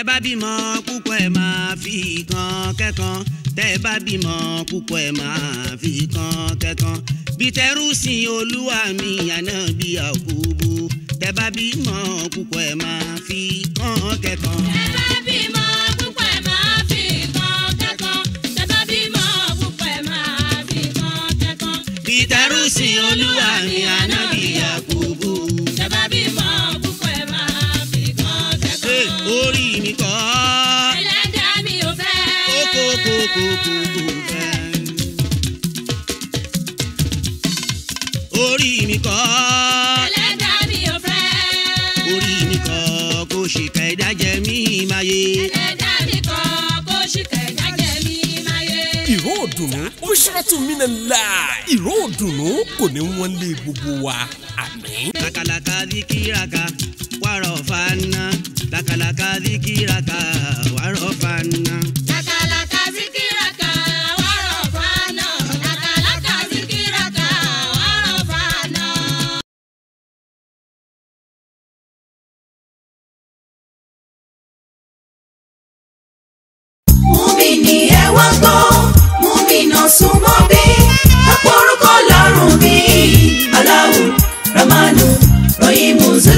tẹ́ bá bímọ púpọ̀ ẹ̀ máa fi kan kẹ́kan tẹ́ bá bímọ púpọ̀ ẹ̀ máa fi kan kẹ́kan bí tẹ́rù sin olúwa mi ànábì Àkùbù tẹ́ bá bímọ púpọ̀ ẹ̀ máa fi kan kẹ́kan. tẹ́ bá bímọ. ìtẹ̀rù sí olúwa mi ànábì. mi kọ́. ẹlẹ́dàá mi ò fẹ́. orí mi kọ́ kó ṣìkà ẹ̀dá jẹ mí máyé. ẹlẹ́dàá mi kọ́ kó ṣìkà ẹ̀dá jẹ mí máyé. ìró òdùnnú ó ṣètò mí náà la ìró òdùnnú kò ní wọ́n lé gbogbo wa àmín. làkàlàkà díkìràkà wàrà ọ̀fà ńnà làkàlàkà díkìràkà wàrà ọ̀fà ńnà.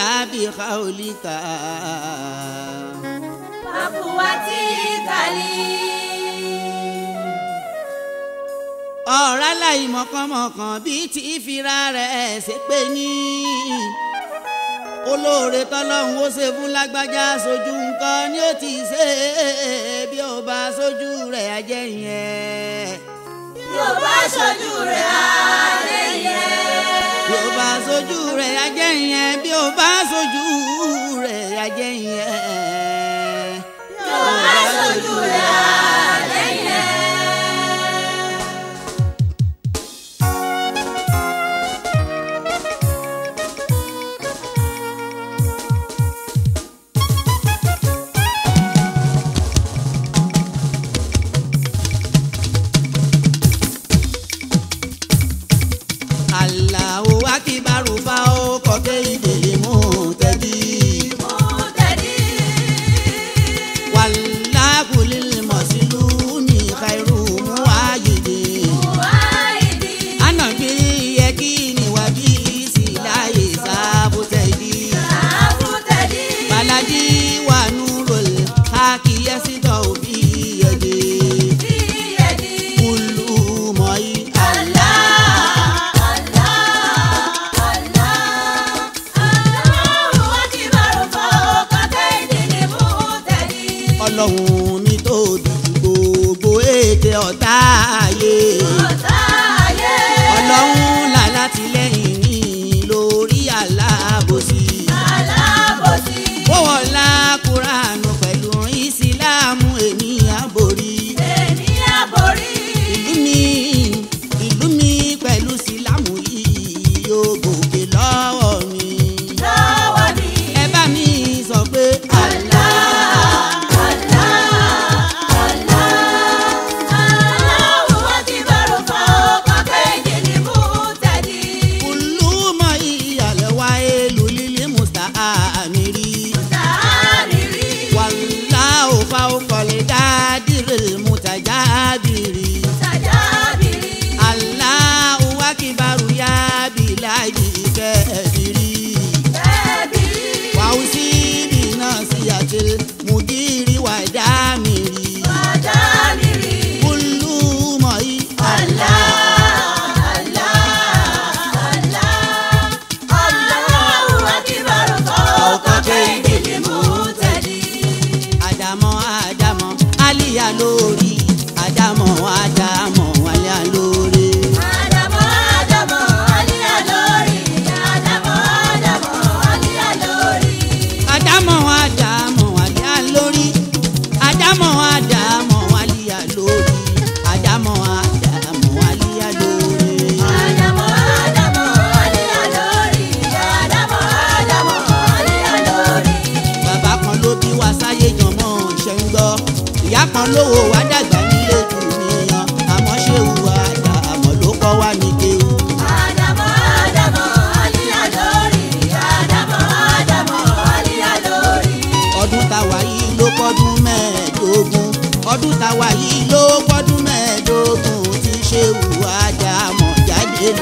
عليها بقولك وقوتك لي ọ̀rá láì mọ̀kànmọ̀kàn bíi ti ìfira rẹ̀ ṣe pé ní olóore tọ́lọ́hún ó ṣe fún lágbájá sójú nǹkan ni ó ti ṣe bí ó bá sójú rẹ̀ ajẹ́ yẹn. bí ó bá sójú rẹ̀ ajẹ́ yẹn bí ó bá sojú rẹ̀ ajẹ́ yẹn bí ó bá sojú rẹ̀ ajẹ́ yẹn bí ó bá sojú rẹ̀ ajẹ́ Alao Akibaru fa ó kọ́ dé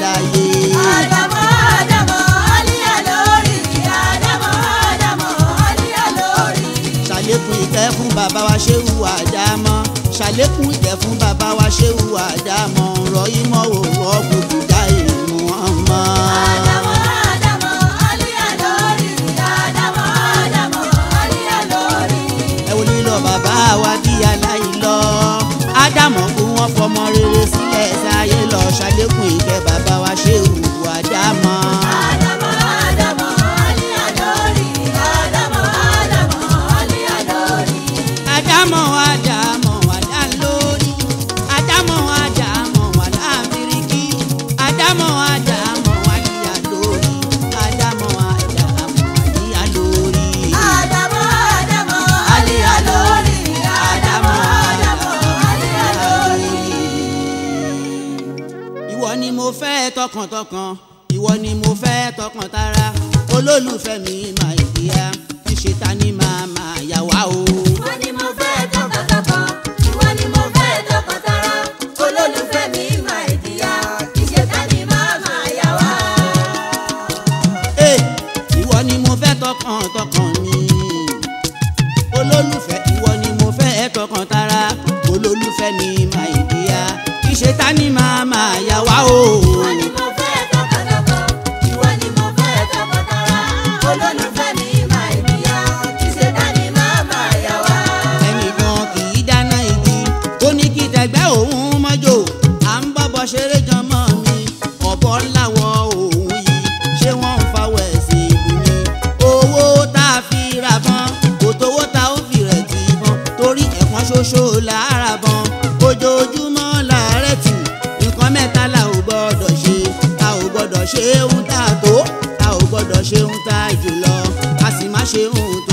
láyé. Àdàmọ́ Àdàmọ́ Alíyà lórí. Àdàmọ́ Àdàmọ́ Alíyà lórí. Ṣàlékún ìtẹ́ fún bàbá wa Ṣéhù Àdámọ́. Ṣàlékún ìtẹ́ fún bàbá wa Ṣéhù Àdámọ́. Rọ ìmọ̀ òwò ọ̀gbọ̀gbọ̀ dá ìlú ọmọ. Àdàmọ́ Àdàmọ́ Alíyà lórí. Àdàmọ́ Àdàmọ́ Alíyà lórí. Ẹ wo wa di aláìlọ. Ádámọ̀ kó wọ́n fọmọ rere sílẹ̀ ṣàlékún ìkẹ́ bàbá. lọ́kàn ìwọ ni mo fẹ́ tọkàn tara olólùfẹ́ mi ṣoṣo lára bọ́n ojoojúmọ́ làárẹ̀ tì nǹkan mẹ́ta la ò gbọ́dọ̀ ṣe a ò gbọ́dọ̀ ṣe ń ta tó a ò gbọ́dọ̀ ṣe ń ta jùlọ a sì má ṣe ń ta.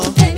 Oh.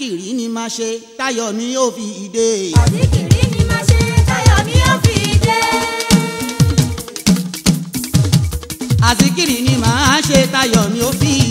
àsìkìrì ni máa ṣe táyọ̀ mi ó fi ìdè. àsìkìrì ni máa ṣe táyọ̀ mi ó fi ìdè. àsìkìrì ni máa ṣe táyọ̀ mi ó fi ìdè.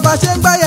mọ ṣe ń gbáyà.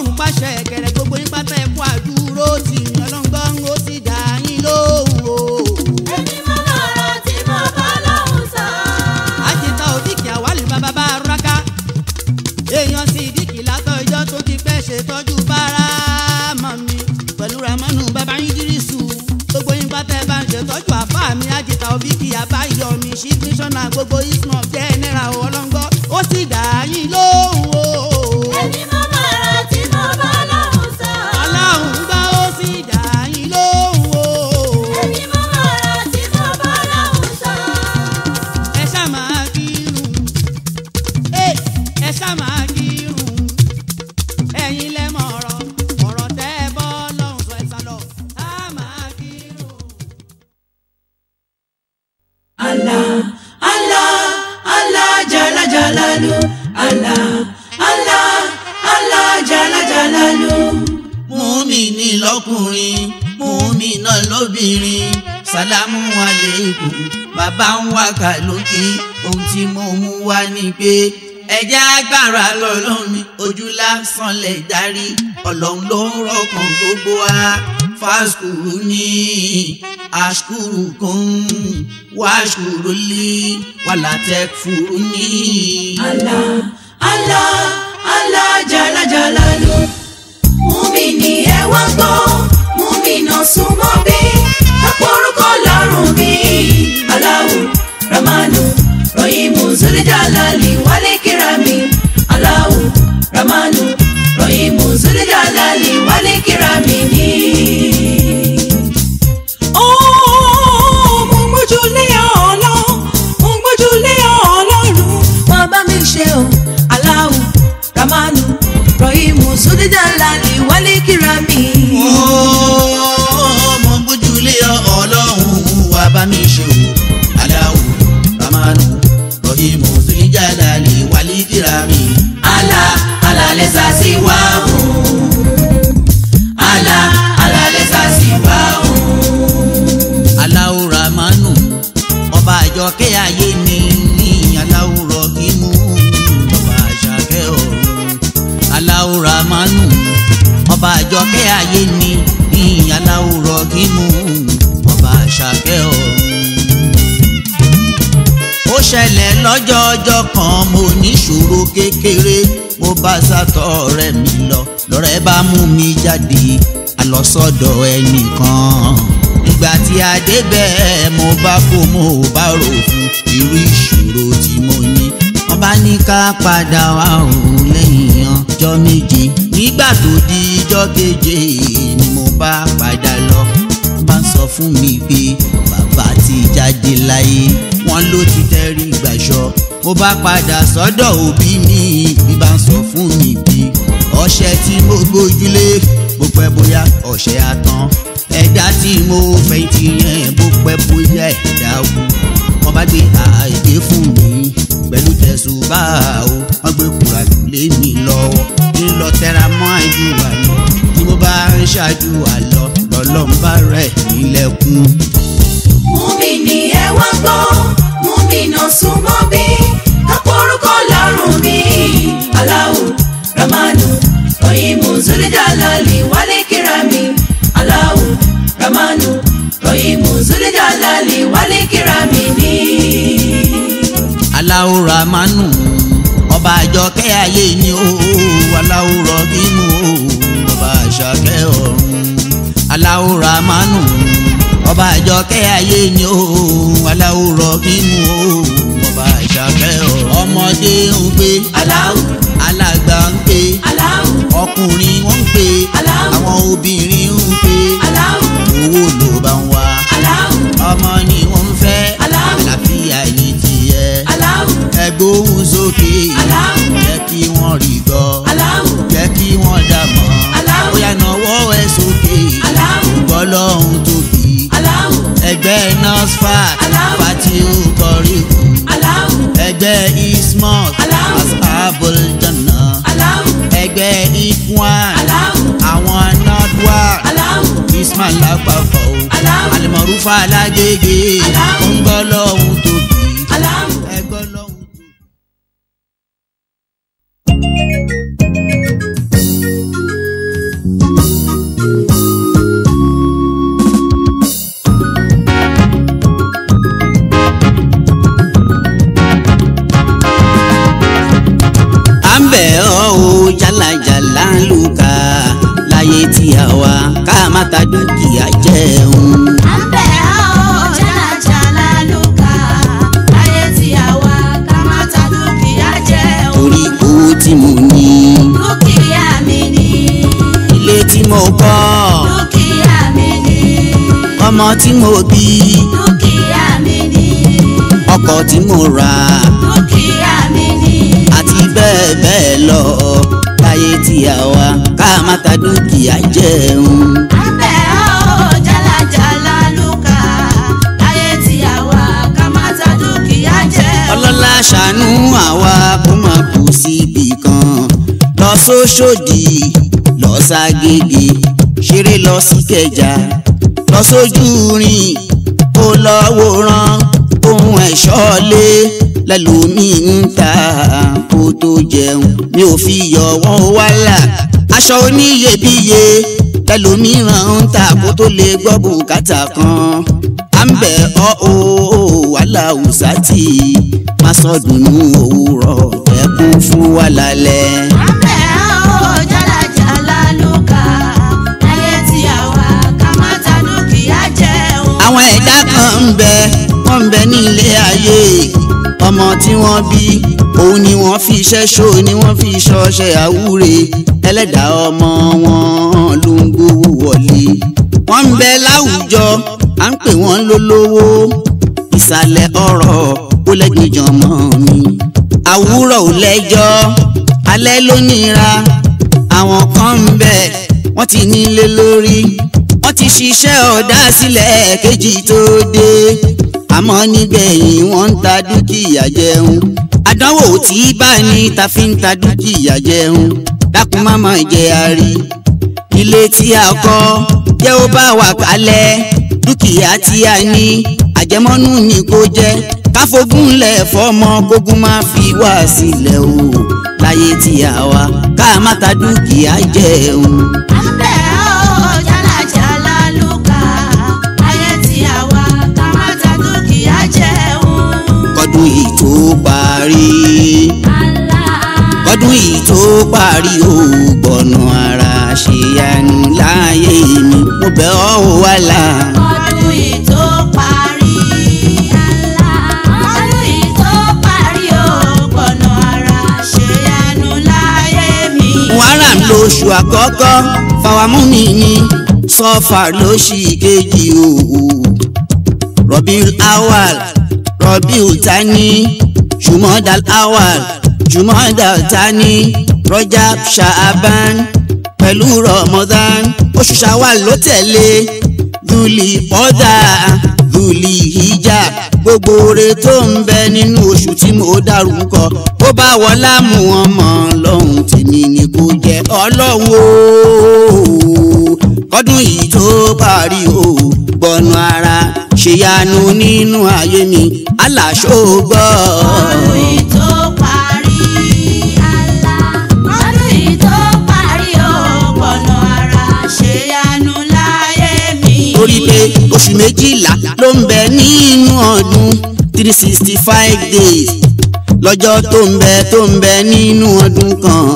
bóun pàṣẹ kẹrẹ gbogbo yín pátá ẹ àdúró tì í. darí ọlọ́run ló ń rọkàn gbogbo wa fásikùrù ní àṣkùrù kan wáṣkùrù lé wàlàtẹ̀kùrù ní. Allah Allah Allah jalajalalu mú mi ní ẹ̀wọ̀n gbọ́ mú mi nà súnmọ́ bẹ́ẹ̀. jáde àlọ́sọ̀dọ̀ ẹnìkan ìgbà tí a débẹ̀ mo bá kó mo bá rò fún irú ìṣòro tí mo ní wọ́n bá ní ká padà wá òun lẹ́yìn ọjọ́ méje nígbà tó di ijọ́ keje ni mo bá padà lọ bá ń sọ fún mi pé bàbá ti jáde láyé wọn ló ti tẹrí gbàṣọ mo bá padà sọ́dọ̀ òbí mi bí bá sọ fún mi pé ọṣẹ tí mo gbójúlé bó pẹ́ bóyá ọṣẹ àtàn ẹ̀dá tí mo fẹ̀yìntì yẹn bó pẹ́ bóyá ẹ̀dá wù wọ́n bá gbé àìdè fún mi pẹ̀lú tẹ̀sùn bá o wọ́n gbé kura lé mi lọ́wọ́ kí lọ tẹ́ra mọ́ ìlú àlọ́ tí mo bá ń ṣáájú àlọ́ lọ́lọ́ ń bá rẹ̀ nílẹ̀kùn. mú mi ní ẹ̀wọ̀n gbọ́ mú mi nà súnmọ́ zulijalali walikirami alahu ramanu rọyìmù zulijalali walikirami ni. alahu ramanu ọba àjọkẹ́ ayé ni ó alahu rọ̀bímù ọba àṣàkẹ́ ọ̀run alahu ramanu ọba àjọkẹ́ ayé ni ó alahu rọ̀bímù ọba àṣàkẹ́ ọ̀run ọmọdé ń gbé alahu ń gbé ọkùnrin wọ́n ń pè àwọn obìnrin ń pè owó ló bá ń wá ọmọ ni wọ́n ń fẹ́ àlàáfíà ní tiẹ̀ ẹgbóhùn sókè jẹ́ kí wọ́n rí gbọ́ jẹ́ kí wọ́n dà mọ́ bóyá náwó ẹ̀ sókè bọ́lọ́hún tóbi ẹgbẹ́ NASFAT pati okoriku ẹgbẹ́ ismos asabul janna ẹgbẹ́ ifwan àwọn nọdúà ismail àpapọ̀ alimọ̀rúfà alágége ń bọ́ lọ́hùn tó. jàlájà lálùkà láyé tí a wà ká má ta dúkìá jẹun. à ń bẹ̀ ọ́ o jàlájà lálùkà láyé tí a wà ká má ta dúkìá jẹun. torí owó tí mo ní. dúkìá mi ni. ilé tí mo kọ́. dúkìá ọmọ tí mo bí. dúkìá tí mo rà. àti bẹ́ẹ̀ bẹ́ẹ̀ lọ láyé tí a wà ká má ta dúkìá jẹun. àbẹ̀ ọ́ jálajàla lùkà láyé tí a wà ká má ta dúkìá jẹun. ọlọ́lá ṣàánú àwa kó má kú síbi kan lọ sóṣòdì lọ ohun ẹ̀ṣọ́ lẹ́lòmí ń ta kó tó jẹun mi ò fi yọ wọ́n wálà aṣọ oníyebíye lẹ́lòmíràn ń ta kó tó lè gbọ́ bùkátà kan à ń bẹ̀ ọ́ o wàhálà òsátì má sọ dùnú òwúrọ̀ ẹkún fún wa lálẹ́. àwọn ẹ̀dá kan ń bẹ wọ́n ń bẹ ní ilé ayé ọmọ tí wọ́n bí òun ni wọ́n fi ṣẹ́ṣó ni wọ́n fi ṣọṣẹ àwúre ẹlẹ́dàá ọmọ wọn ló ń gbowó wọlé wọ́n ń bẹ láwùjọ à ń pè wọ́n lólówó ìsàlẹ̀ ọ̀rọ̀ ó lẹ́gbẹ̀jọ mọ́ mi àwúrọ̀ ò lẹ́jọ́ alẹ́ ló nira àwọn kan ń bẹ wọ́n ti nílé lórí wọ́n ti ṣiṣẹ́ ọ̀dá sílẹ̀ kejì tó dé àmọ́ nígbẹ̀yìn wọ́n ń ta dúkìá jẹun àdánwò tí bá ní ta fi ń ta dúkìá jẹun dákun má má jẹ àrí ilé tí a kọ́ jẹ́ ó bá wà kálẹ̀ dúkìá tí a ní àjẹmọ́nú ni kò jẹ́ káfogúnlẹ̀ fọmọ kógun má fi wá sílẹ̀ o láyé tí a wà ká má ta dúkìá jẹun. parí. kọ́dún yìí tó parí o gbọ̀nà ara ṣe yanu láàyè mi mo bẹ̀ ọ́ o wà là. kọ́dún yìí tó ara ṣe yanu láàyè mi. Muharram lóṣù àkọ́kọ́ fáwọn ni sọ́fà lóṣì kejì o. Rọ̀bí awal Rọ̀bí tani jumada awal jumada tani rojab shaaban pẹ̀lú ramadan oṣù shawal ló tẹ̀lé dùlì ọ̀dà dùlì ìjà gbogbo oore tó ń bẹ nínú oṣù tí mo dárúkọ ó bá wọlá mú ọmọ ọlọ́run tèmi ni kò jẹ́ ọlọ́run o kọ́dún yìí tó parí o gbọ́nú ara ṣèyanu nínú ayé mi aláṣọ gbọ́. ọdún ara ṣèyanu láyé mi. torí pé oṣù méjìlá ló ń bẹ nínú ọdún three sixty five days lọ́jọ́ tó ń bẹ tó ń bẹ nínú ọdún kan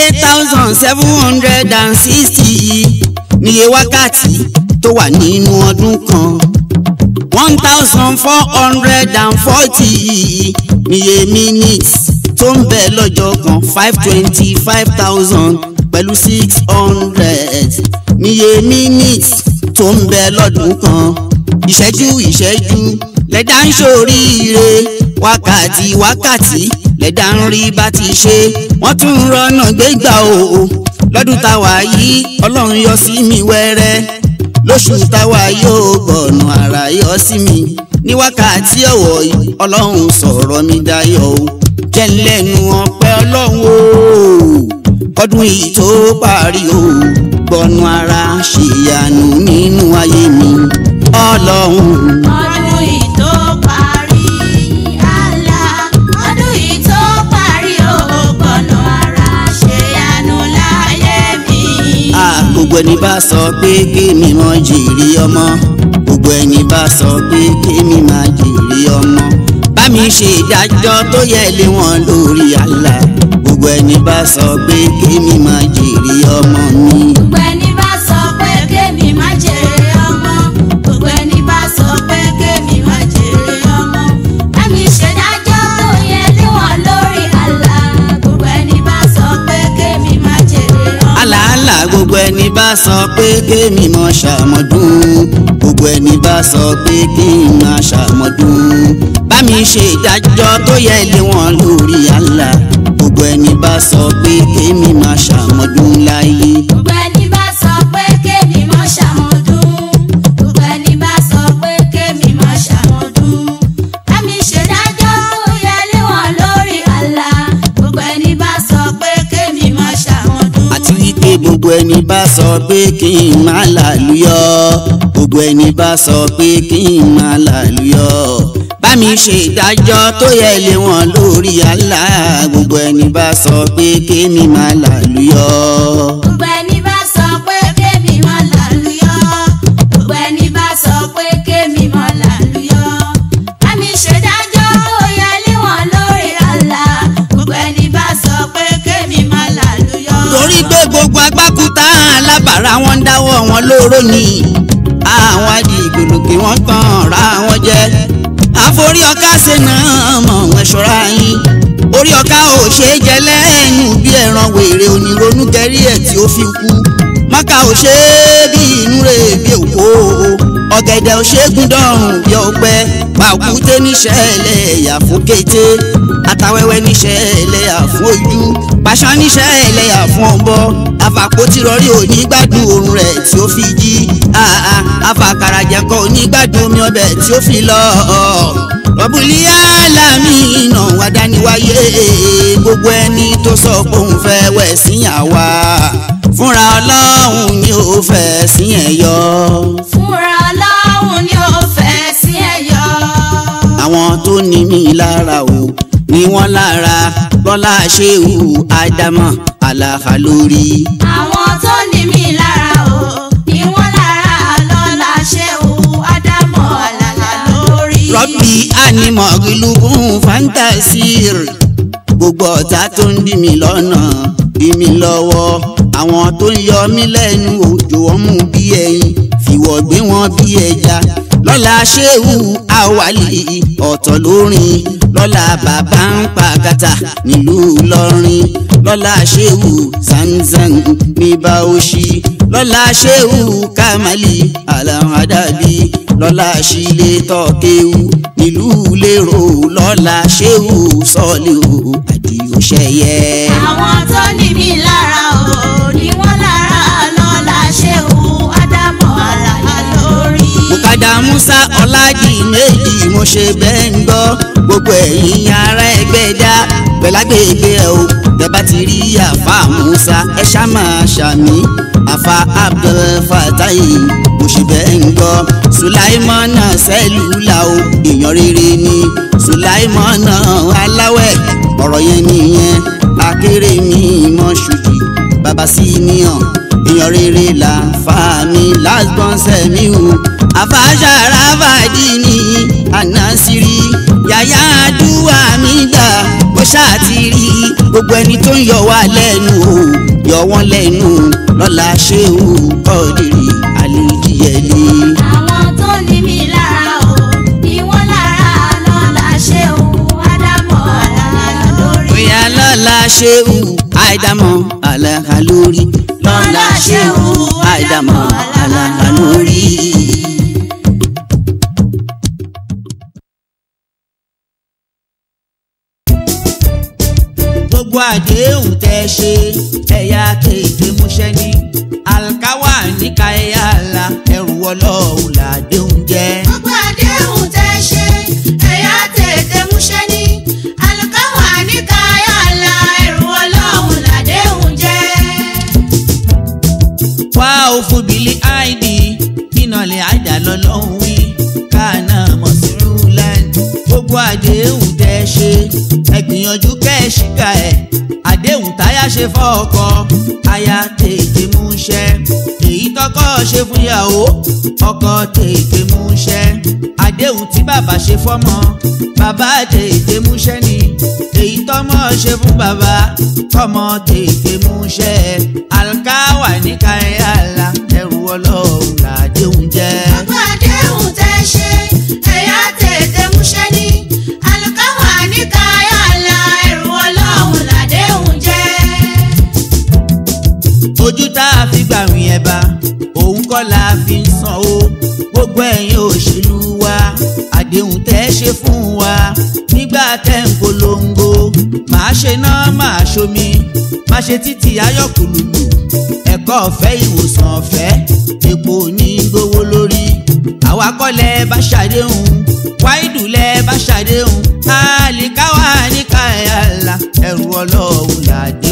eight thousand seven hundred and sixty níye wákàtí tó wà nínú ọdún kan one thousand four hundred and forty níye minutes tó ń bẹ lọ́jọ́ kan five twenty five thousand pẹ̀lú six hundred níye minutes tó ń bẹ lọ́dún kan ìṣẹ́jú ìṣẹ́jú lẹ́dá ń ṣoríire wákàtí wákàtí lẹ́dá ń rí bá ti ṣe wọ́n tún ń rọ́nà gbégbá o lọ́dún táwa yìí ọlọ́run yọ sí mi wẹ́rẹ́ lóṣù táwa yóò gbọ̀nù àrà yọ sí mi ní wákàtí ọ̀wọ̀ yìí ọlọ́run sọ̀rọ̀ mi dayọ̀ o jẹ́ lẹ́nu ọpẹ́ ọlọ́run o kọ́dún yìí tó parí o gbọ̀nù àrà ṣèyànú nínú ayé mi ọlọ́run. gbogbo ẹni bá sọ pé kémi mọ jìrì ọmọ gbogbo ẹni bá sọ pé kémi má jìrì ọmọ bá mi ṣe ìdájọ́ tó yẹ lé wọn lórí àlá gbogbo ẹni bá sọ pé kémi má jìrì ọmọ mi. gbogbo ẹni bá. gbogbo ẹni bá sọ pé kémi mọ̀ ṣàmọ́dún gbogbo ẹni bá sọ pé kí n máa bá mi ṣe ìdájọ́ tó yẹ lé wọn lórí àlà gbogbo ẹni bá sọ pé kémi máa ṣàmọ́dún láyé. gbogbo ẹni. gbogbo ẹni bá sọ pé kí n má làlúyọ gbogbo ẹni bá sọ pé kí n má làlúyọ bá mi ṣe ìdájọ́ tó yẹ lé wọn lórí Allah gbogbo ẹni bá sọ pé kémi má làlúyọ. lóró ni àwọn adigunlùkì wọ́n tàn ra wọn jẹ àforí ọ̀ká ṣe náà mọ̀ wọ́n ṣọ́ra yín orí ọ̀ká ò ṣe é jẹ lẹ́yìn bí ẹran wèrè onírònú gẹ̀rí ẹ̀ tí ó fi kú mọ́kà ò ṣe bí inú rẹ̀ bí òkú ọ̀gẹ̀dẹ̀ ò ṣe é bí ọgbẹ́ pàkúté níṣẹ́ ẹlẹ́yà fún kété atawẹ́wẹ́ níṣẹ́ ẹlẹ́yà fún ojú pàṣán níṣẹ́ ẹlẹ́yà fún ọ̀bọ àfàpò tí rọrí òní gbádùn oorun rẹ̀ tí ó fi jí àfàkàràjẹ̀kọ òní gbádùn omi ọbẹ̀ tí ó fi lọ rọ̀bùlì alámi iná wa dániwáyé gbogbo ẹni tó sọ pé òun fẹ́ wẹ̀ sí àwa fúnra ọlọ́run ni ó fẹ́ sí ẹ̀yọ́. fúnra ọlọ́run ni ó fẹ́ sí ẹ̀yọ́. àwọn tó ní mi lára o ni wọ́n lára lọ́lá ṣéwù ádámọ̀ àlàkà lórí. àwọn tó ní mi lára o ni wọ́n lára lọ́lá ṣéwù ádámọ̀ àlàkà lórí. rọ́bì ànímọ̀ ìlúkùn fantasir gbogbo ọ̀tá tó ń dí mi lọ́nà dí mi lọ́wọ́ àwọn tó ń yọ mí lẹ́nu òjò wọn mú bí ẹyin fìwọ̀ gbé wọn bí ẹja lọ́la ṣéwù àwálì ọ̀tọ̀ lórin lọ́la bàbá ń pa kàtà nílùú lọ́rin lọ́la ṣéwù zanzan ní báwòṣì lọ́la ṣéwù kamali alahadabi lọ́la ṣílẹ̀ tọ́kéwù nílùú lérò lọ́la ṣéwù sọ́ọ̀lì àdìo ṣẹyẹ. méjì mo ṣe bẹ́ẹ̀ ń gbọ́ gbogbo ẹ̀yin ará Ẹgbẹ́dá pẹ̀lágbègbè ẹ̀ o bẹ́ẹ̀ ti rí àfa Musa ẹ ṣá ṣàmì àfa Abdul mo ṣe bẹ́ẹ̀ ń gbọ́ Sulaimana sẹ́lúlà o èèyàn rere ni Sulaimana aláwẹ̀ ọ̀rọ̀ yẹn nìyẹn akérèmí mọ́ṣújì bàbá sí níyàn èèyàn rere là fàmí last born sẹ́miu àfàṣàrà fàdí ni ànásírí yàyà àdúrà mi gbà bó ṣàtìrí gbogbo ẹni tó ń yọ wá lẹ́nu o yọ wọ́n lẹ́nu lọ́la ṣé o kọ́ọ̀dìrì àlejò yẹlé. ṣehu àìdàmọ̀ àlàkà lórí. lọ́la ṣehu àìdàmọ̀ àlàkà lórí. gbogbo àdéhùn tẹ́ ṣe ẹ̀yà kéde múṣẹ́ ní alkawa níka ẹ̀yà àlà ẹ̀rù ọlọ́ọ̀hún làdéhùn jẹ́. gbogbo àdéhùn. wá òfu bìlí àìdí nínàlẹ̀ àjà lọ́lọ́run wí káàná mọ̀sírù láìdí gbogbo àdéhùn tẹ́ ṣe ẹ gbìyànjú kẹ́ ẹ ṣìkà ẹ̀ àdéhùn táyà ṣe fọ́ọ̀kọ aya tètè mú ṣẹ èyí tọkọ ṣe fún ọkọ tètè mú ṣẹ àdéhùn tí bàbá ṣe fọ́mọ bàbá tètè mú ṣẹ nìyí tọmọ ṣe fún bàbá kọmọ tètè múṣẹ alikawa ní káyà la ẹrù ọlọ́run làdéhùn jẹ. bàbá àdéhùn tẹ ṣe ẹ̀yà tètè múṣẹ ní alikawa ní káyà la ẹrù ọlọ́run làdéhùn jẹ. ojú tá a fi gbàwìn ẹ̀ bá òun kọ́ la fi ń san o gbogbo ẹ̀yin òṣèlú wa àdéhùn tẹ́ ṣe fún wa nígbà tẹ́ ń ṣe náà máa ṣomi má ṣe títí ayọ̀kùlùlù ẹ̀kọ́ ọ̀fẹ́ ìwòsàn ọ̀fẹ́ epo ní gbowó lórí àwa kọ́lẹ̀ bá ṣàdéhùn wáìdùlẹ̀ bá ṣàdéhùn àlìkáwá níkàyàlà ẹ̀rù ọlọ́run làdé.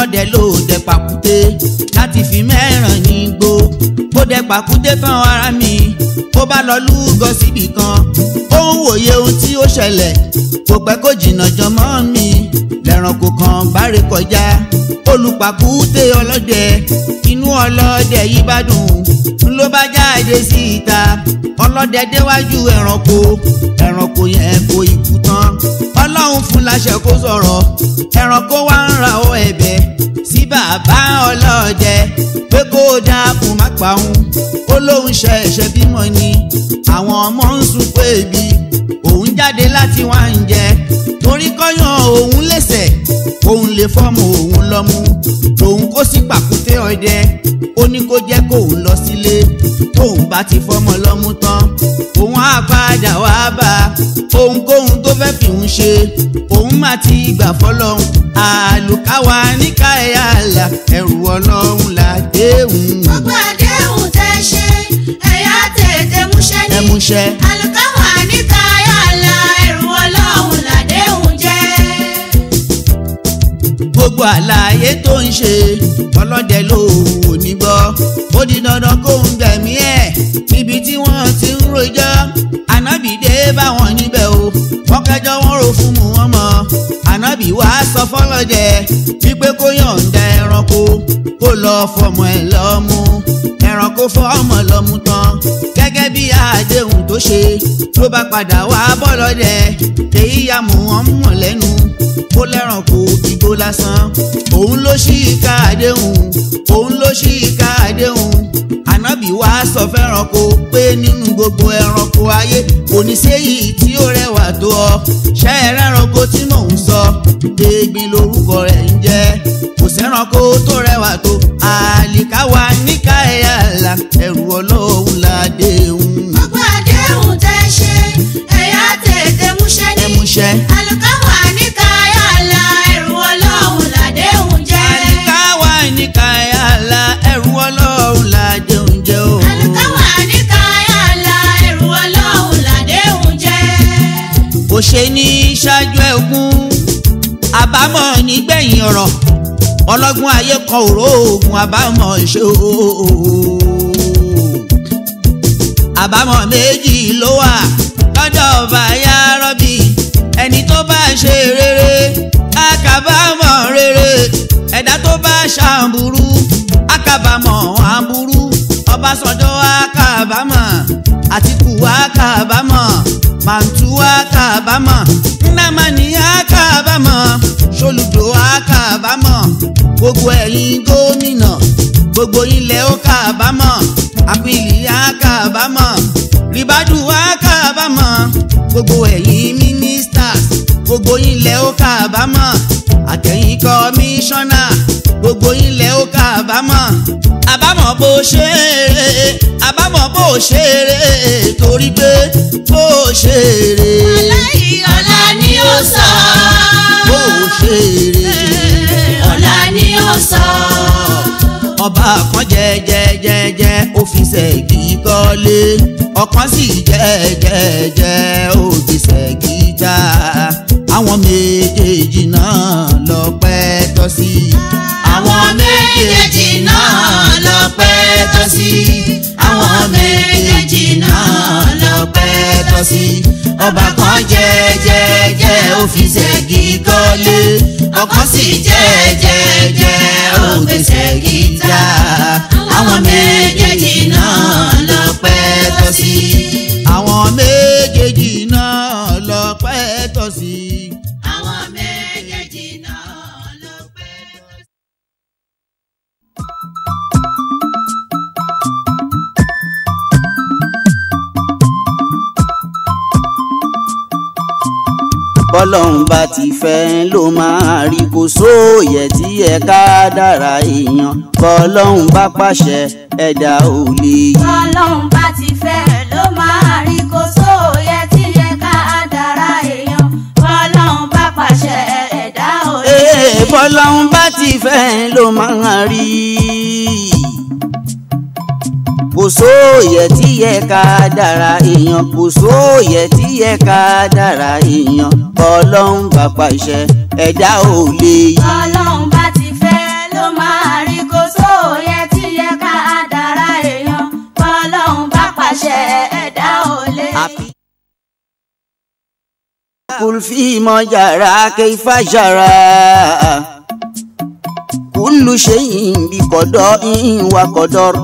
ọlọ́dẹ ló dẹ pàkúté láti fi mẹ́ràn ní gbó bó dẹ pàkúté fún ara mi tó bá lọ lúgọ síbì kan ó ń wòye ohun tí ó ṣẹlẹ̀ kò pẹ́ kó jìnnà jan mọ́ mi lẹ́ranko kan bá ré kọjá olùpàkúté ọlọ́dẹ inú ọlọ́dẹ yìí bá dùn ló bá jáde sí ìta ọlọ́dẹ déwájú ẹranko ẹranko yẹn kò ikú tán ọlọ́run fún láṣẹ kó sọ̀rọ̀ ẹranko wá ń ra ọ ẹ̀bẹ̀ sí bàbá ọlọ́dẹ pé kó dáa má pa òun ó lóun ṣe bímọ ni àwọn ọmọ ń sùn pé ibi òun jáde láti wá ń jẹ torí kọ́yàn òun lẹ́sẹ̀ òun lè fọ́ọ̀mù òun lọ́mú lòun kó sí pàkúté ọdẹ ó ní kó jẹ́ kóun lọ sílé tóun bá ti fọ́mọ lọ́mú tán òun á padà wá bá ohunkóhun tó fẹ́ fi òun ṣe òun má ti gbà fọ́lọ́hún àlùkáwá níkà ẹ̀yà àlà ẹ̀rù ọlọ́run là. ṣẹ. àlùkáwà níta yọ̀ọ̀la ẹ̀rù ọlọ́run làdéhùn jẹ́. gbogbo àlàyé tó ń ṣe ọlọ́dẹ ló wò ní gbọ́ ó di dandan kó ń gbẹ̀mí ẹ̀ níbi tí wọ́n ti ń rojọ́ ànábìdé báwọn níbẹ̀ o wọ́n kẹjọ́ wọn rò fún mu wọn mọ́ ànábì wá sọ fọlọ́dẹ wípé kó yọ̀ǹda ẹranko kó lọ fọmọ ẹ̀ lọ́mú ẹranko fọmọ lọ́mú tán àdéhùn tó ṣe ló bá padà wá bọ́ lọ́dẹ èyí ya mọ̀ wọ́n mọ̀ lẹ́nu kó lẹ́ràn kó igbó lásán òun ló ṣí ìka àdéhùn òun ló ṣí ìka àdéhùn ànábì wa sọ fẹ́ranko pé nínú gbogbo ẹranko ayé kò ní séyìí tí ó rẹwà tó ọ ṣẹ́ ẹ rẹ́ranko tí mò ń sọ egbin lorúkọ rẹ̀ ń jẹ́ kò sẹ́ranko tó rẹwà tó àlìkáwa níkà ẹ̀yà ẹ̀rù ọlọ́run ládéhùn. ṣẹ́. àlùkáwà ní káyà la ẹrù ọlọ́run làdéhùn jẹ́. àlùkáwà ní káyà la ẹrù ọlọ́run làdéhùn jẹ́ o. àlùkáwà ní káyà la ẹrù ọlọ́run làdéhùn jẹ́. kò ṣe ní ṣáájú ẹ̀gún àbámọ̀ nígbẹ̀yìn ọ̀rọ̀ ọlọ́gbọ́n ayé kọ òró oògùn àbámọ̀ ṣe àbámọ̀ méjì ló wà lọ́dọ̀ ọba ayárọ́bí ẹni tó bá ṣe rere á kábàámọ̀ rere ẹ̀dá tó bá ṣàǹburú á kábàámọ̀ àǹburú ọbásanjọ́ á kábàámọ̀ àtìkù á kábàámọ̀ màǹtú á kábàámọ̀ nnamani á kábàámọ̀ ṣolùdó á kábàámọ̀ gbogbo ẹ̀yin gómìnà gbogbo ilẹ̀ ó kábàámọ̀ àpìlì á ribadu á gbogbo ẹ̀yin ilẹ̀ ó kábàámọ̀ àtẹ̀yìn kọmíṣánná gbogbo ilẹ̀ ó kábàámọ̀ àbámọ̀ bó ṣe eré àbámọ̀ bó ṣe eré torí pé bó ṣe eré. ọ̀la ni ó sọ. bó ṣe eré. ọ̀la ni ó sọ. ọba kan jẹjẹjẹjẹ ó fi ṣẹ́gi kọ́lé ọkàn sì jẹjẹjẹ ó fi ṣẹ́gi já àwọn méjèèjì náà lọ́pẹ́ tọ́ sí. àwọn méjèèjì náà lọ́pẹ́ tọ́ sí. àwọn méjèèjì náà lọ́pẹ́ tọ́ sí. ọba kan jẹ́jẹ́jẹ́ ó fi ṣẹ́gi kọ́lé ọkọ sì jẹ́jẹ́jẹ́ ó gbèsè gíga. bọ́lọ́run bá ti fẹ́ ló máa rí kò sóòyẹ̀ tí ẹ ká dára èèyàn bọ́lọ́run bá pàṣẹ ẹ̀dá ò lè yí. bọ́lọ́run bá ti fẹ́ ló máa rí kò sóòyẹ̀ tí ẹ ká dára èèyàn bọ́lọ́run bá pàṣẹ ẹ̀dá ò eh, bọ́lọ́run bá ti fẹ́ ló máa rí kò sóòyẹ tí yẹ ká dára èèyàn kò sóòyẹ tí yẹ ká dára èèyàn ọlọ́run bàbá iṣẹ́ ẹ̀dá ò lè yí. ọlọ́run bá ti fẹ́ ló máa rí kò sóòyẹ tí yẹ ká dára èèyàn ọlọ́run bá pàṣẹ ẹ̀dá ò lè yí. قل فيما جرى كيف جرى كل شيء بقضاء وقدر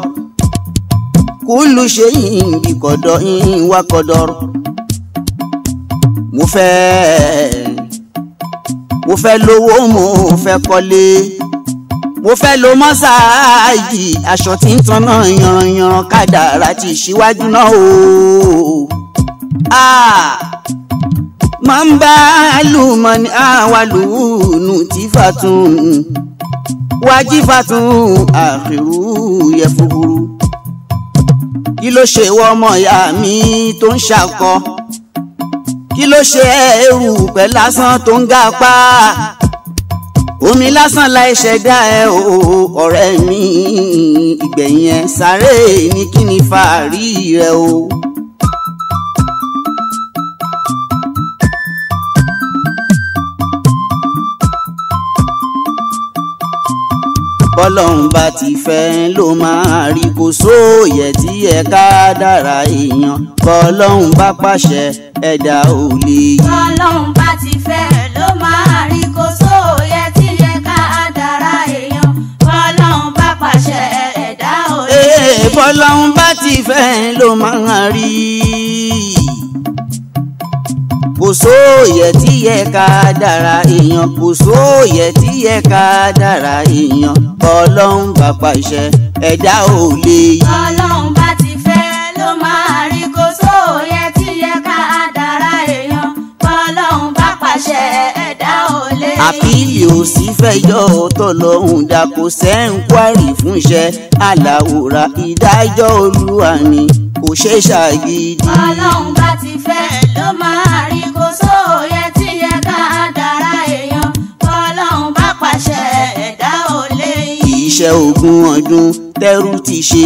kúlù ṣe yìn bí kọ̀dọ̀ yìn wá kọ̀dọ̀ mo fẹ́ mo fẹ́ lówó mo fẹ́ kọ́lé mo fẹ́ lo mọ́sáàjì aṣọ tí ń tan náà yanranyanran kádàrá ti ṣíwájú náà o. Ah máa ń bá lùmọ̀ ní ah, àwa lùnú tí fatun wájí fatun àfìrú yẹ fúburú kí ló ṣe wọ ọmọ ìyá mi tó ń ṣàkọ kí ló ṣe ẹrù pẹ̀ lásán tó ń ga pa omi lásán la ìṣẹ̀dá ẹ o ọ̀rẹ́ mi ìgbẹ̀yìn ẹ̀ sáré ní kí ni fàárí rẹ o. bọ́lọ́run bá ti fẹ́ ló máa rí kò sóòyẹ̀ tí ẹ ká dára èèyàn bọ́lọ́run bá pàṣẹ ẹ̀dá ò bọ́lọ́run bá ti fẹ́ ló máa rí kò sóòyẹ̀ tí ẹ ká dára èèyàn bọ́lọ́run bá pàṣẹ ẹ̀dá ò eh, bọ́lọ́run bá ti fẹ́ ló máa rí kò sóòyẹ tí yẹ ká dára èèyàn kò sóòyẹ tí yẹ ká dára èèyàn ọlọ́run bá pàṣẹ ẹ̀dá ò lè yí. ọlọ́run bá ti fẹ́ ló máa rí kò sóòyẹ tí yẹ ká dára èèyàn ọlọ́run bá pàṣẹ ẹ̀dá àpíìlì ò sì fẹjọ́ tọlọ́hún dàkó sẹ́ńkwárì fúnṣẹ́ aláwòrá ìdájọ́ olúwa ni kò ṣeé ṣàgídí. ọlọ́run bá ti fẹ́ ló máa rí kó sóòyẹ ṣiṣẹ́ ogún ọdún tẹ́rù ti ṣe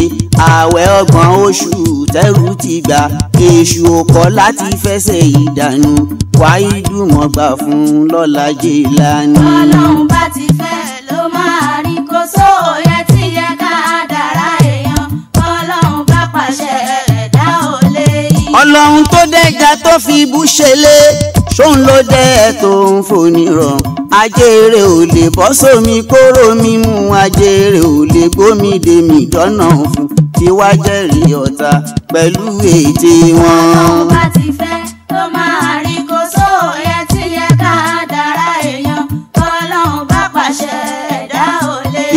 ààwẹ̀ ọgbọ̀n oṣù tẹ́rù ti gbà èṣù ọkọ̀ láti fẹsẹ̀ ìdànù wáyé dùnmọ̀ gbà fún lọ́lajẹ́ ìlànà. ọlọ́run bá ti fẹ́ ló máa rí kó sóòyè. ọlọ́run tó dẹ́jà tó fi ibú ṣẹlé ṣóun ló dẹ́ ẹ̀ tó ń foni rọ̀ ajére ò lè bọ́ sómi kóró mímú ajére ò lè gbómi dèmí jọ́nà fún tiwa jẹ́rìí ọ̀tá pẹ̀lú ète wọn. ọlọ́run bá ti fẹ́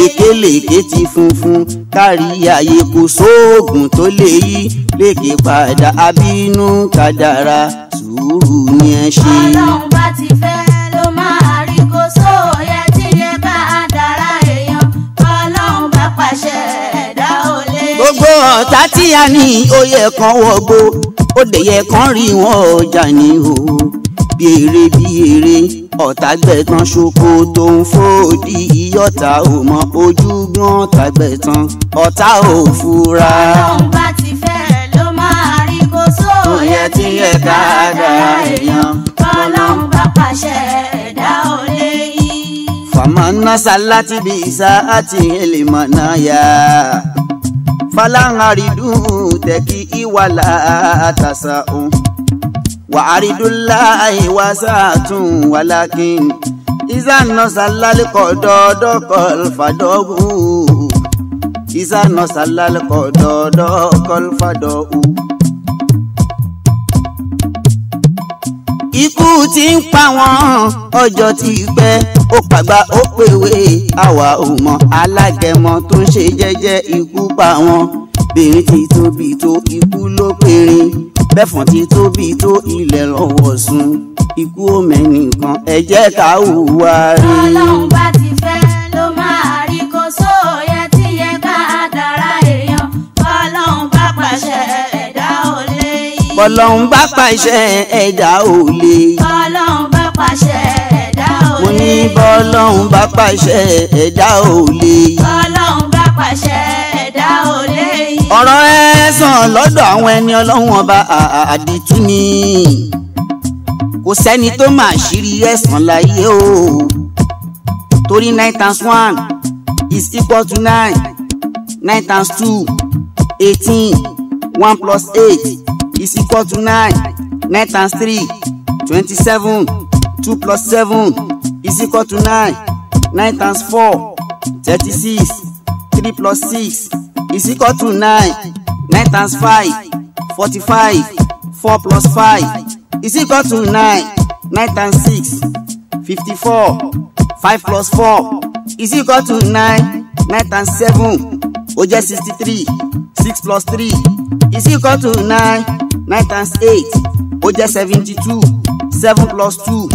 lékelèké ti funfun kárí ayé kò sóògùn tó lè yí lékè padà abínú kádàrá sùúrù ni ẹ ṣe. ọlọ́run bá ti fẹ́ ló máa rí kó sóòyẹ tí yẹ ká dára èèyàn ọlọ́run bá pàṣẹ ẹ̀dá ò gbogbo ọ̀tá tí a ní ó yẹ kán wọgbó ó dẹ̀ yẹ kán rí wọn ọjà ní òwò bí eré bí eré ọ̀tá gbẹ̀tàn ṣoko tó ń fòdì ìyọ̀tá ò mọ ojúgbọ́n ọ̀tá gbẹ̀tàn ọ̀tá ò fura. ọlọ́run bá ti fẹ́ ló máa rí kó sóò yẹ tí yẹ ká dára èèyàn ọlọ́run bá pàṣẹ ẹ̀dá ò lè yí. fàmánà sálátì bí ìsá àti èlèmọ̀nà yá fàlànà rìndùn tẹ̀kí ìwàlà àtàṣà òun wàhálìdúláì wàsáàtún wàlákin ìsànàṣàlálẹ́kọ̀ọ́dọ́ọ́dọ́kọ̀ọ́fàdọ́hù ìsànàṣàlálẹ́kọ̀ọ́dọ́ọ́dọ́kọ̀ọ́fàdọ́hù. ikú ti ń pa wọn ọjọ́ ti pẹ́ ó pàgbà ó pèwé àwa ò mọ alágẹmọ tó ń ṣe jẹ́jẹ́ ikú pa wọn bèrè ti tóbi tó ikú ló pèrè bẹ́fọ̀n ti tóbi tó ilẹ̀ lọ́wọ́ sùn ikú omi nìkan ẹ jẹ́ ká hùwà rí. ọlọ́run bá ti fẹ́ ló máa rí kó sóòyẹ tí yẹ ká dára èèyàn ọlọ́run bá pàṣẹ ẹ̀dá ò lè ọlọ́run bá pàṣẹ ẹ̀dá ò lè ọlọ́run bá pàṣẹ ẹ̀dá ò lè yí. bọ́lọ́run bá pàṣẹ ẹ̀dá ò lè ọlọ́run bá pàṣẹ ẹ̀dá ò lè ọ̀rọ̀ ẹ̀san lọ́dọ̀ àwọn ẹni ọlọ́run ọba àdìtú ni kò sẹ́ni tó mà ṣírí ẹ̀san láyé o torí nine times one is equal to nine nine times two eighteen one plus eight is equal to nine nine times three twenty-seven two plus seven is equal to nine nine times four thirty-six three plus six is equal to nine nine times five forty-five four plus five is equal to nine nine times six fifty-four five plus four is equal to nine nine times seven ó jẹ́ sixty-three six plus three is equal to nine nine times eight ó jẹ́ seventy-two seven plus two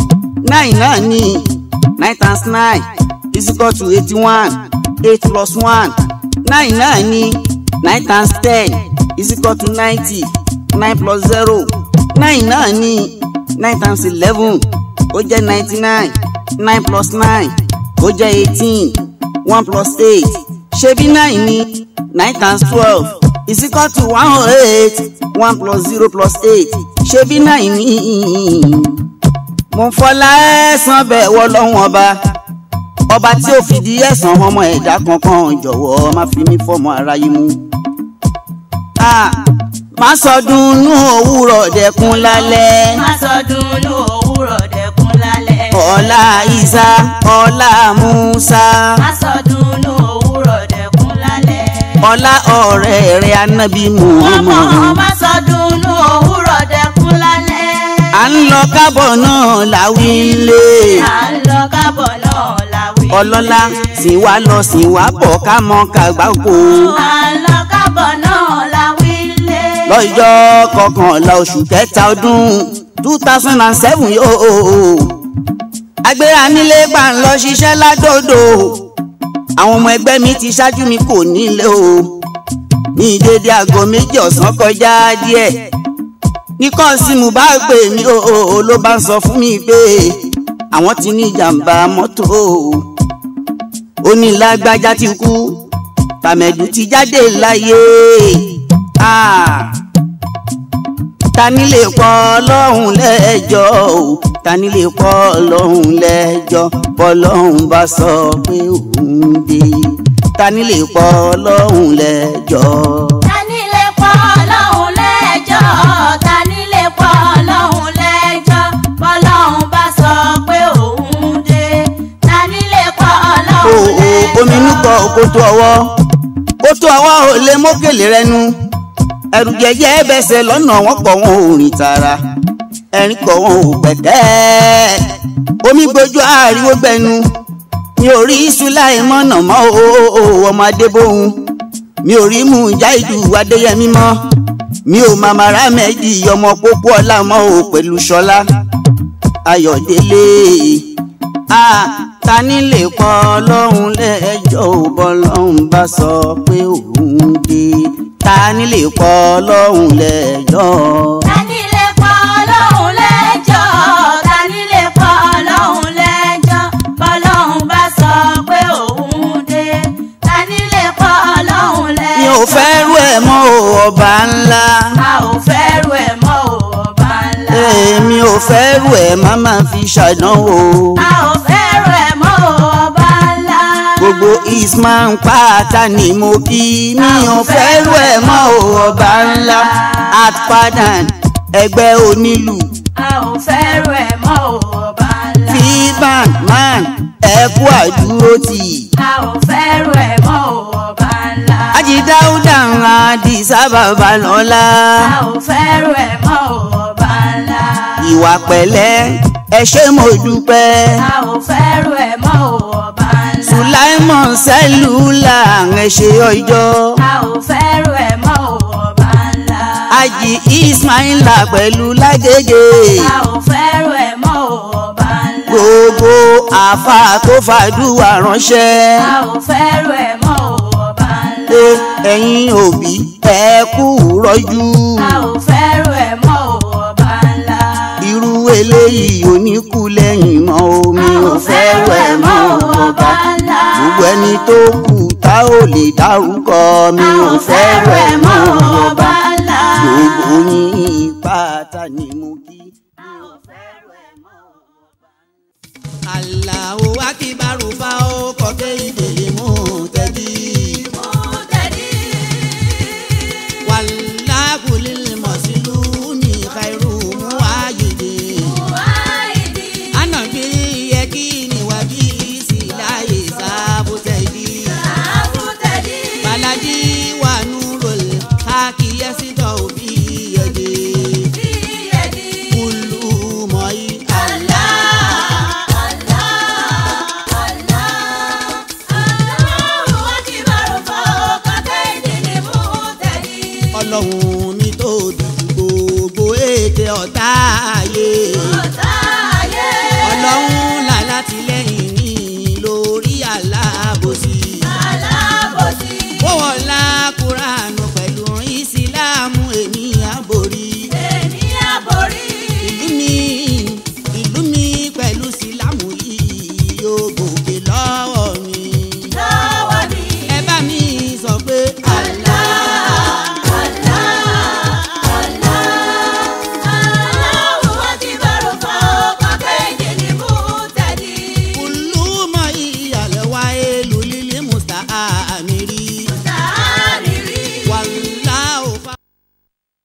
nine náà ní nine times nine is equal to eighty-one eight plus one nine náà ni nine times ten is equal to ninety nine plus zero nine náà ni nine times eleven ó jẹ́ ninety nine nine plus nine ó jẹ́ eighteen one plus eight ṣebí nine ni nine times twelve is equal to one hundred oh eight one plus zero plus eight ṣebí nine ni mo fọlá ẹ̀ sàn bẹ́ẹ̀ wọ́ ọba tí ó fìdí ẹ̀sán ọmọ ẹ̀dá kankan jọ̀wọ́ má fi mí fọmọ aráyé mú. má sọ dunnú òwúrọ̀ dẹkùn lálẹ́. má sọ dunnú òwúrọ̀ dẹkùn lálẹ́. ọlá Ìsá ọlá Músá. má sọ dunnú òwúrọ̀ dẹkùn lálẹ́. ọlá ọ̀rẹ́ rẹ̀ anábì Muhammad. má sọ dunnú òwúrọ̀ dẹkùn lálẹ́. à ń lọ kábọ̀ náà láwí à ń lọ kábọ̀ náà ọlọ́lá sì wá lọ sì wá bọ̀ ká mọ kàgbá kó. àlọ́ náà la wí lé. lọ́jọ́ kọkànlá oṣù kẹta ọdún two thousand and seven yóò agbéra nílé gbà ń lọ ṣiṣẹ́ ládòdò àwọn ọmọ ẹgbẹ́ mi ti ṣáájú mi kò nílé o ní dédé aago méjì ọ̀sán kọjá díẹ̀ nìkan sí mo bá pè mí o ló bá ń sọ fún mi pé àwọn ti ní ìjàmbá mọ́tò o ó ní lágbájá ti kú tàmẹ̀dù ti jáde láyé tani lè pọ̀ lọ́hùn lẹ́jọ́ o tani lè pọ̀ lọ́hùn lẹ́jọ́ bọ́lọ́hùn bá sọ pé òun dé tani lè pọ̀ lọ́hùn kọ́ kó tó ọwọ́ kó tó ọwọ́ ò lè mókèlè rẹnu ẹ̀rù jẹjẹ bẹsẹ̀ lọ́nà wọn kọ̀ wọn ò rìn tààrà ẹ̀rín kọ̀ wọn ò pẹ̀tẹ́ omi gbójú àríwó gbẹnu mi ò rí sùláì mọ́nà mọ́ o ọmọ adébóhun mi ò rí mú jáìdù adéyẹmí mọ́ mi ò màmá rámẹ́dì ọmọ pópó ọlá mọ́ o pẹ̀lú ṣọlá ayọ̀délé ah ta ní lè kọ́ ọlọ́run lẹ́jọ́ ò bọ́lọ́run bá sọ pé òun dé ta ní lè kọ́ ọlọ́run lẹ́jọ́. ta ní lè kọ́ ọlọ́run lẹ́jọ́ ta ní lè kọ́ ọlọ́run lẹ́jọ́ bọ́lọ́run bá sọ pé mi ò fẹ́ rú ẹ̀ mọ́ ọba ńlá. a ò fẹ́ rú ẹ̀ mọ́ ọba ńlá. èmi ò fẹ́ rú ẹ̀ má máa fi ṣàdánwò. a ò fẹ́ rú ẹ̀ ọba ńlá. gbogbo Isman pátá ni mo kí mi ò fẹ́ rú ẹ̀ mọ́ ọba ńlá atpadan ẹgbẹ́ onílù. a ò fẹ́ rú ẹ̀ mọ́ ọba ńlá. fiban man ẹ kú àdúró tì. a ò fẹ́ rú ẹ̀ mọ́ ọba ńlá. ají dáúdà ń ra àdìsá bàbá lọ́la. a ò fẹ́ rú ẹ̀ mọ́ ọba ńlá. ìwà pẹ̀lẹ́ ẹ ṣé mo dúpẹ́. a ò fẹ́rù ẹ̀ mọ́ òwò ọba ńlá. sùláìmọ̀ sẹ́lúlà ẹ ṣe ọjọ́. a ò fẹ́rù ẹ̀ mọ́ òwò ọba ńlá. àjì ismaila pẹ̀lú lágége. a ò fẹ́rù ẹ̀ mọ́ òwò ọba ńlá. gbogbo àfa tó fàdúrà ránṣẹ́. a ò fẹ́rù ẹ̀ mọ́ òwò ọba ńlá. ẹ̀yin òbí ẹ kú rọ́jú. a ò fẹ́rù eléyìí oníkú lẹ́yìn mọ́ omi ò fẹ́ wẹ̀ mọ́ ọba ńlá. gbogbo ẹni tó kù tá ò lè dárúkọ mi ò fẹ́ wẹ̀ mọ́ ọba ńlá. gbogbo yín pátá ni mo kí. Allahu akíbarù fa ó kọ́ kéyìndé mú tẹ́bí.